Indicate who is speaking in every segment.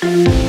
Speaker 1: thank you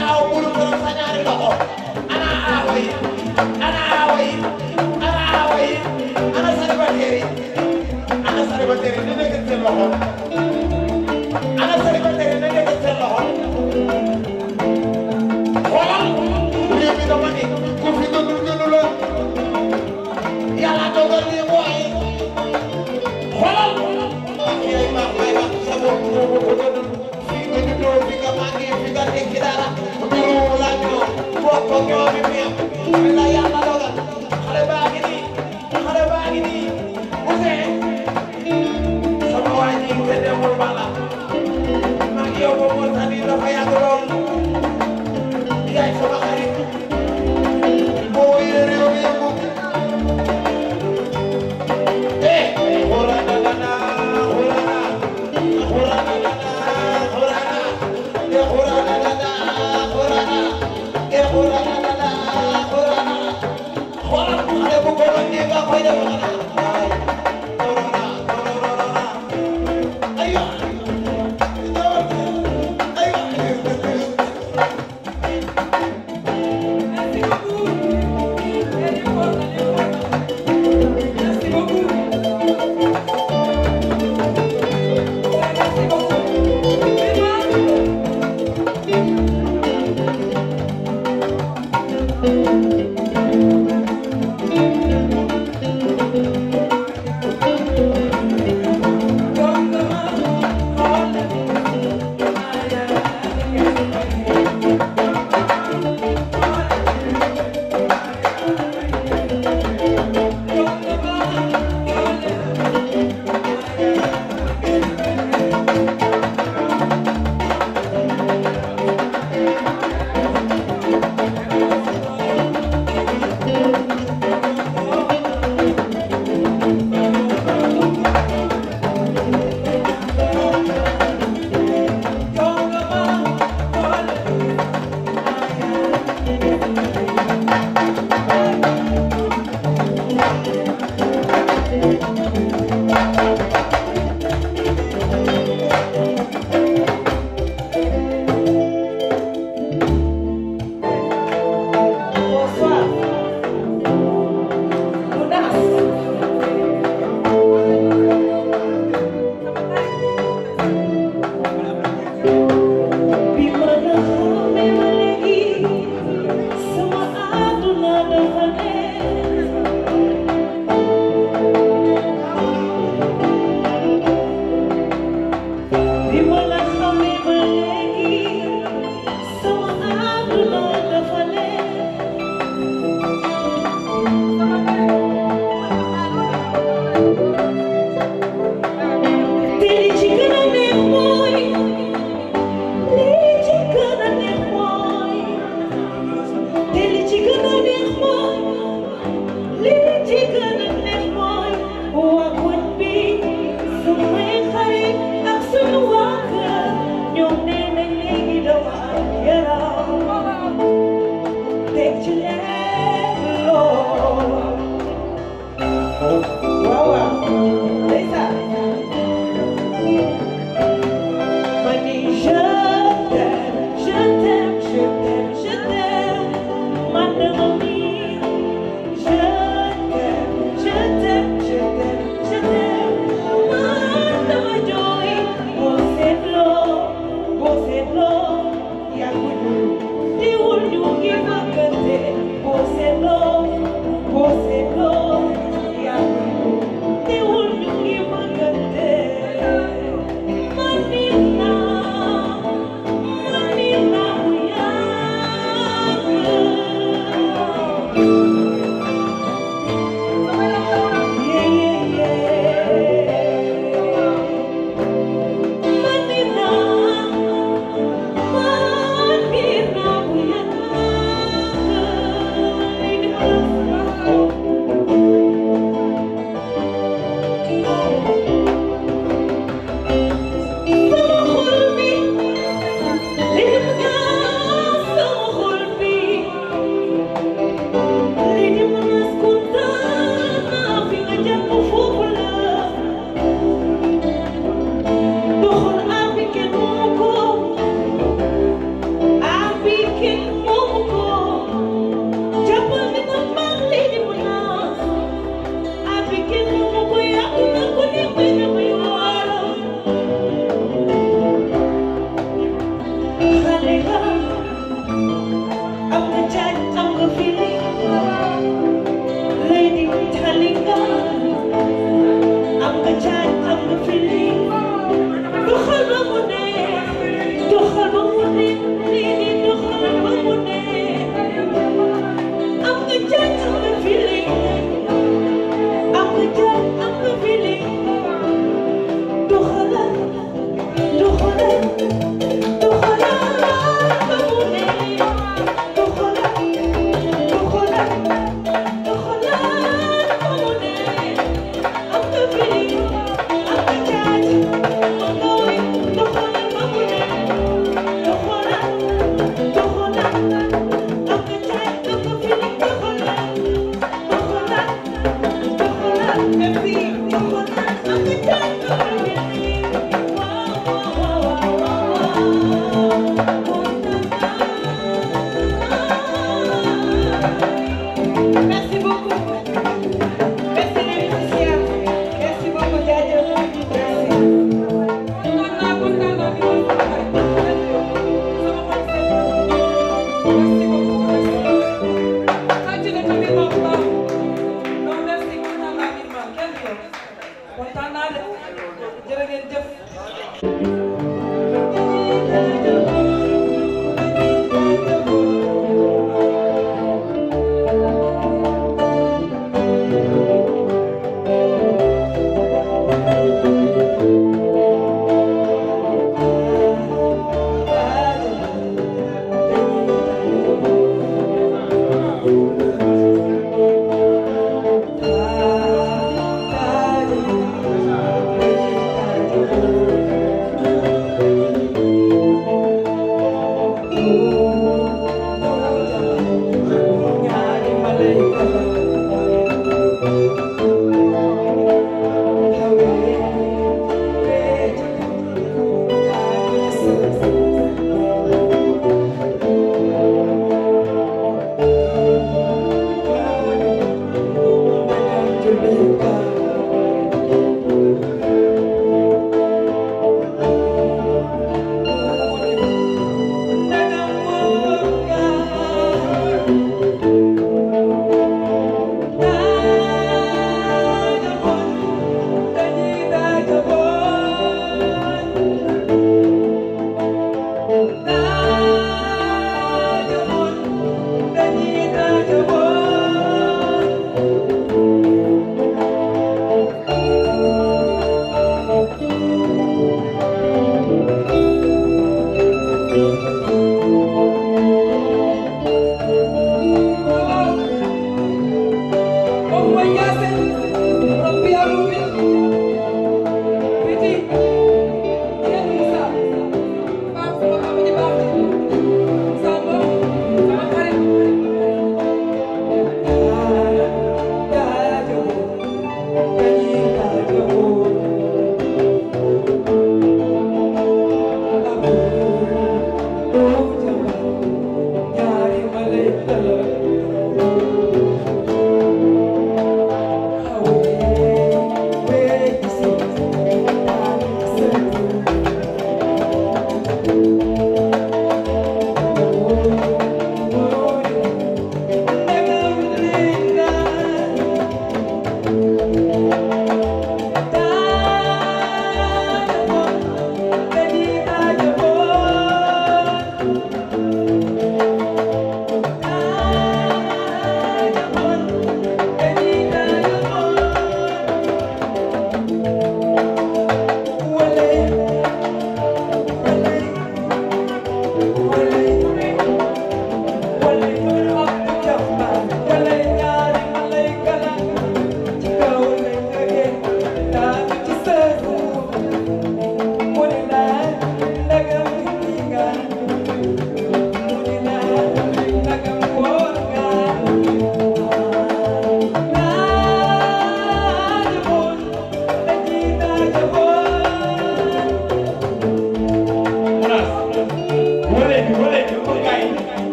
Speaker 1: aw bu dul doon sa ñaari loxo ana awa yi poco a vivir. Thank you.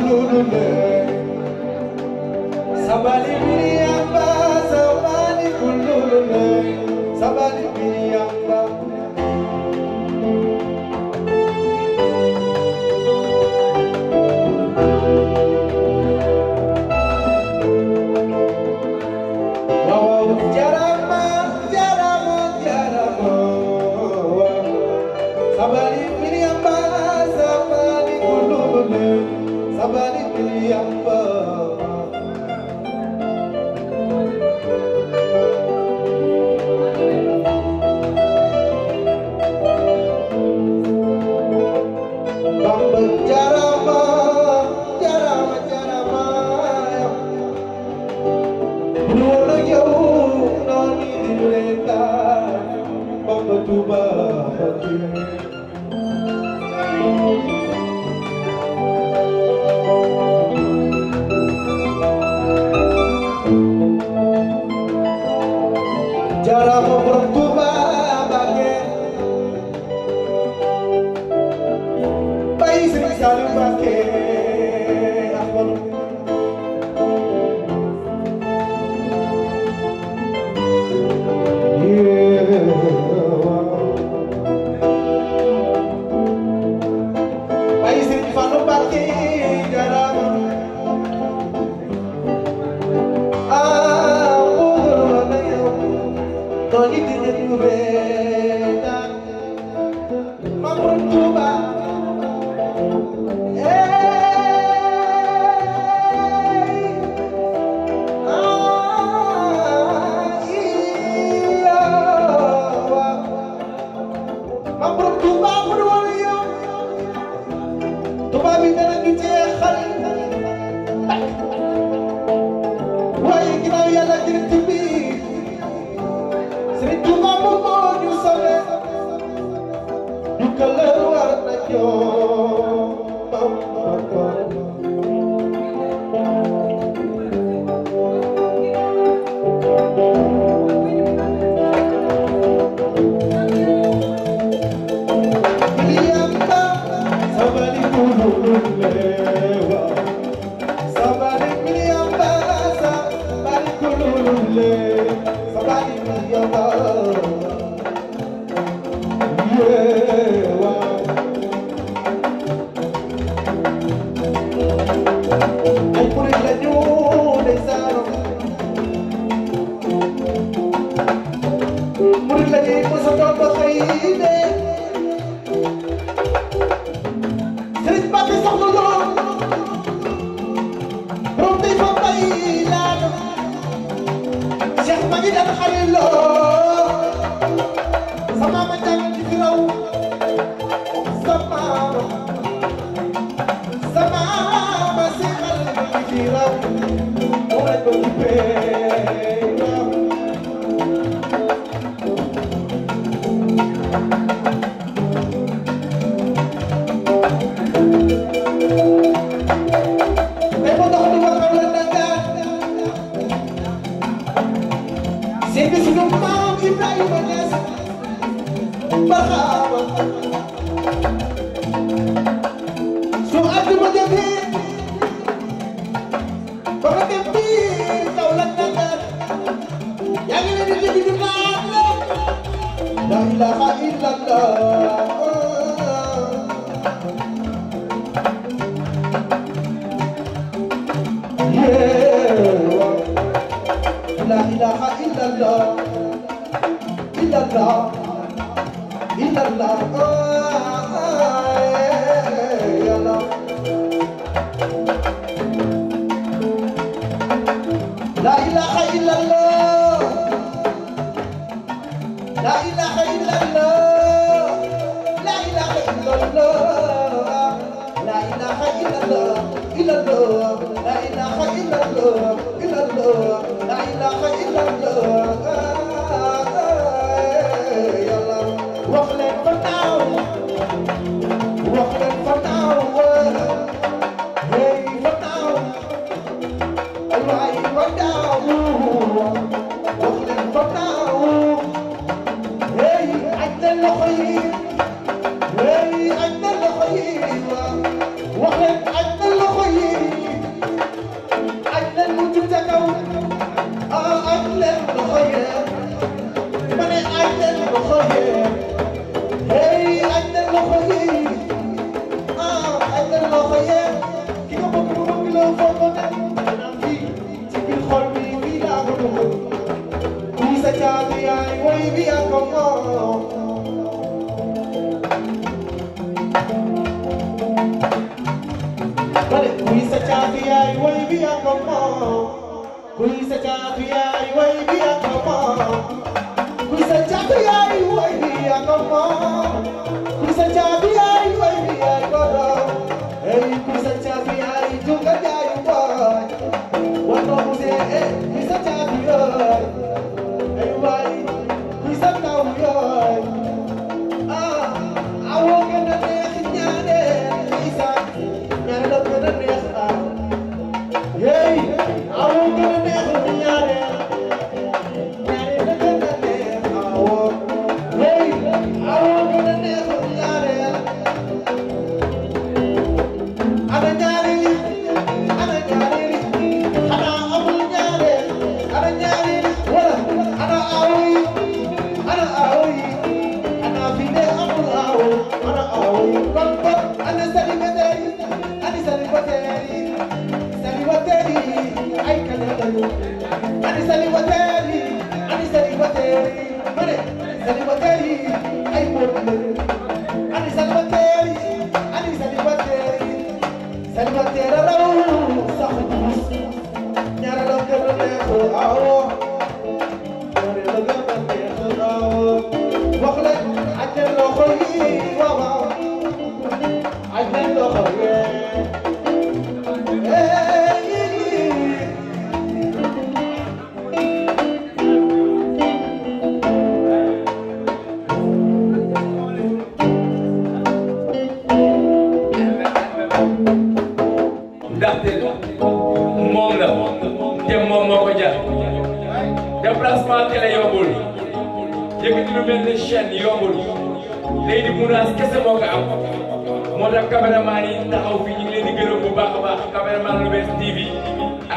Speaker 2: kullu ne sabali foog dem biir taw la ilaha illallah إلا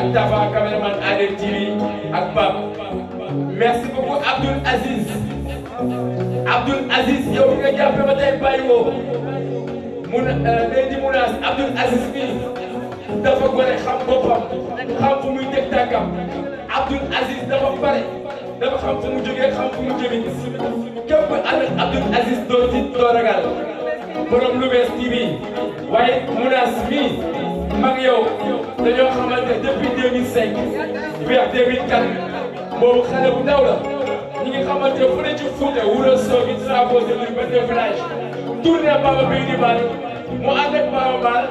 Speaker 1: ak Tafa caméraman ADN TV ak Pape merci beaucoup Abdoul Aziz Abdoul Aziz yow nga jàppe ba tey bàyyiwoo mu day euh, di munaas Abdoul Aziz bi dafa gore xam boppam xam fu muy teg tànkam Abdoul Aziz dafa pare dafa xam fu mu jógee xam fu mu jëmi képp ànd Abdoul Aziz doo tiit doo ragal borom Lou'Bess TV waaye munaas mi mag yow dañoo xamante ne depuis 2005
Speaker 3: bi ak 2004
Speaker 1: boobu xale bu ndaw la ñi ngi xamante ne fu ne ci Fuuta Wuro Sogi drapeau de liberté village tournée Baba Bay di Bal mu ànd ak Baba Bal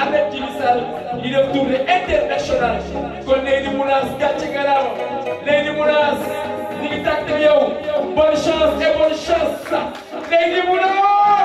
Speaker 1: ànd ak Jibi Sall di def tournée internationale kon léegi munaas gàcce ngalaama léegi munaas ñi ngi tàggat yow bonne chance et bonne chance léegi munaas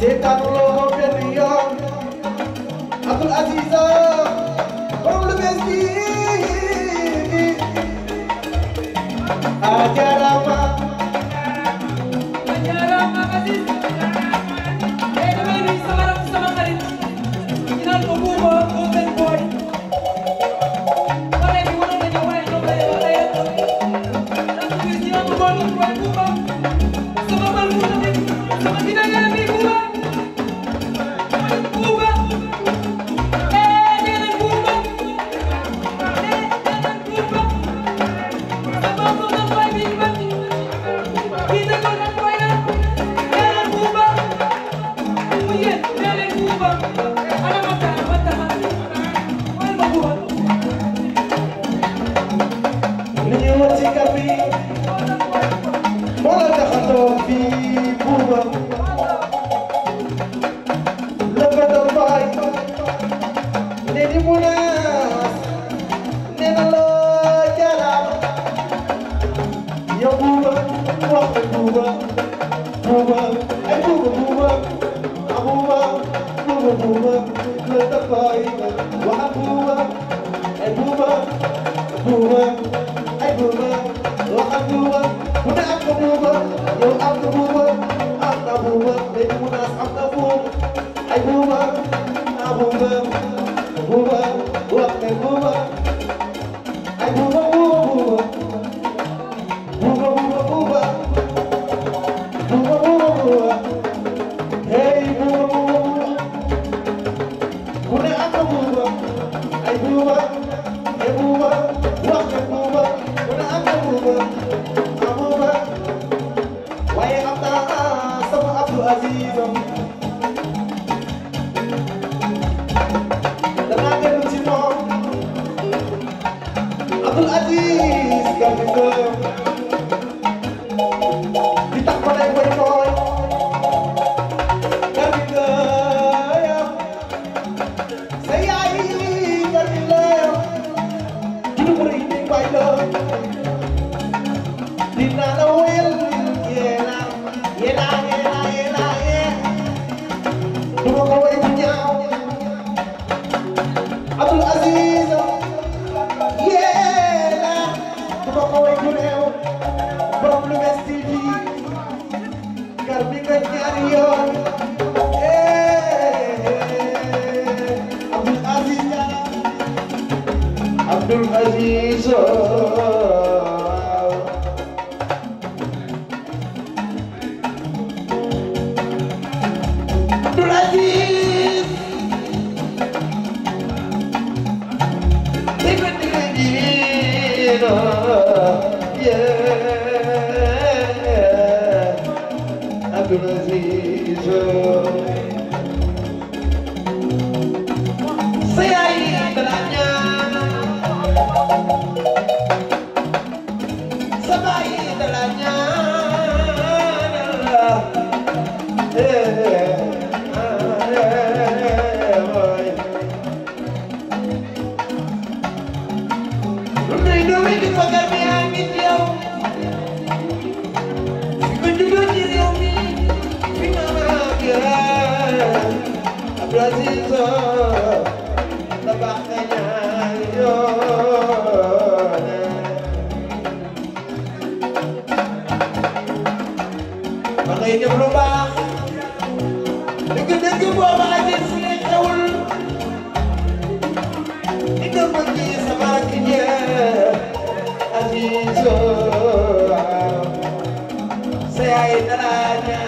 Speaker 2: seetaan loo Say I